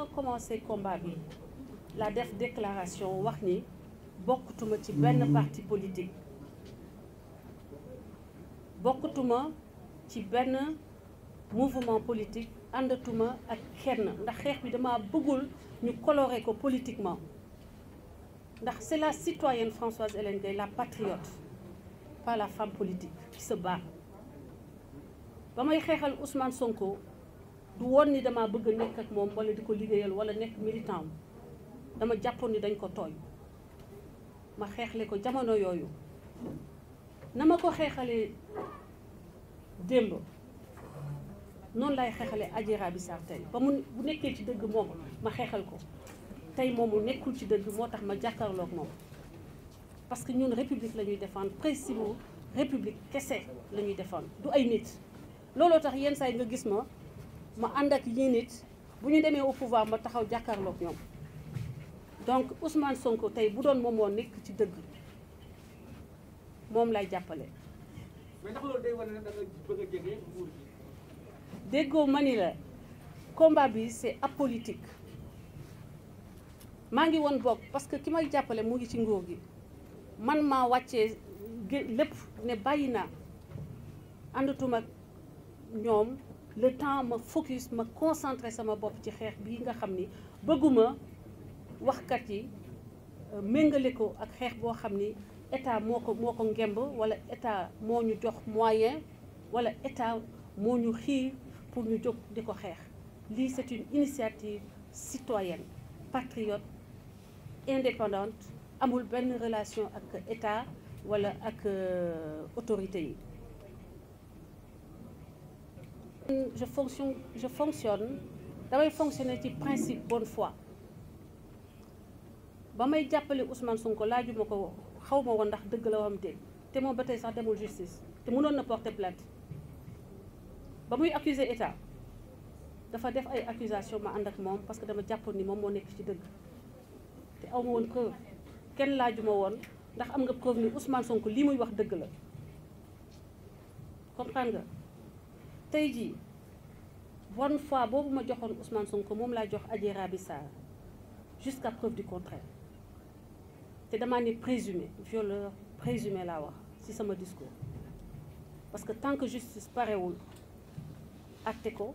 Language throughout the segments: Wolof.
ma commencé combat bi la def déclaration wax ni bokkatuma ci benn parti politique bokkutuma ci benn mouvement politique àndatuma ak kenn ndax xeex bi dama bëggul ñu colorer ko politiquement ndax c'est la citoyenne Françoise Hélène Gaye la patriote pas la femme politique qui se bat ba may xeexal Ousmane Sonko du woon ni damaa bëgg a nekk ak moom wala di ko liggéeyal wala nekk militant dama jàppoon ni dañ ko tooñ ma xeexle ko jamono yooyu na ma ko xeexalee démb noonu lay xeexale Adji Raby Sarr tey ba mu bu nekkee ci dëgg moom ma xeexal ko tey moom mu nekkul ci dëgg moo tax ma jàkkarlook moom parce que ñun république la ñuy défendre précisément république kese lañuy ñuy défendre du ay nit looloo tax yenn saa yi nga gis ma ma ànd ak ñii nit bu ñu demee au pouvoir ma taxaw jàkkaarloog ñoom donc Ousmane Sonko tey bu doon moom moo nekk ci dëgg moom lay jàppale. ndax loolu day wane ne da nga bëgg a jege nguur déggoo ma ni la combat bi c'est apolitique maa ngi woon bokk parce que ki may jàppale mu ngi ci ngóor gi man maa wàccee lépp ne bàyyi naa àndatuma ak ñoom. le temps ma focus ma concentré sama bopp ci xeex bii nga xam ni bëgguma waxkat yi euh, méngale ko ak xeex boo xam ni état moo ko moo ko ngemb wala état moo ñu jox moyen wala état moo ñu xiir pour ñu jóg di ko xeex lii c'est une initiative citoyenne patriote indépendante amul benn relation ak état wala ak euh, autorité yi je fonction je fonctionne damay fonctionner ci principe bonne fois ba may jàppale Ousmane Sonko laajuma ko xaw ma woon ndax dëgg la waxam dégg te moom ba tey sax demul justice te mënoon na porter plainte ba muy accuser état dafa def ay accusation ma ànd ak moom parce que dama jàppoon ni moom moo nekk ci dëgg te aw ma woon preuve kenn laajuma woon ndax am nga preuve ni Ousmane Sonko lii muy wax dëgg la tey jii bonne fois boobu ma joxoon Ousmane ko moom laa jox Adji Raby Sarr jusqu'à preuve du contraire te damaa ne présumé violeur présumé laa wax ci sama discours parce que tant que justice parewul acte ko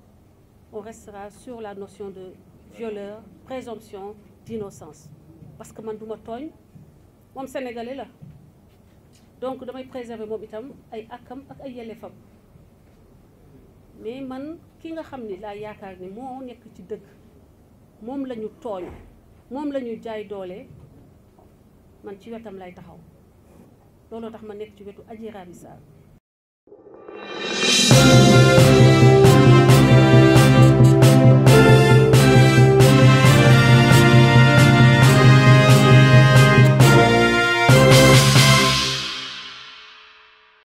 on restera sur la notion de violeur présomption d'innocence parce que man duma tooñ moom sénégalais la donc damay préserver moom itam ay àkkam ak ay yelleefam mais man ki nga xam ni laa yaakaar ni moo nekk ci dëgg moom la ñu tooñ moom la jaay doole man ci wetam lay taxaw looloo tax ma nekk ci wetu Adji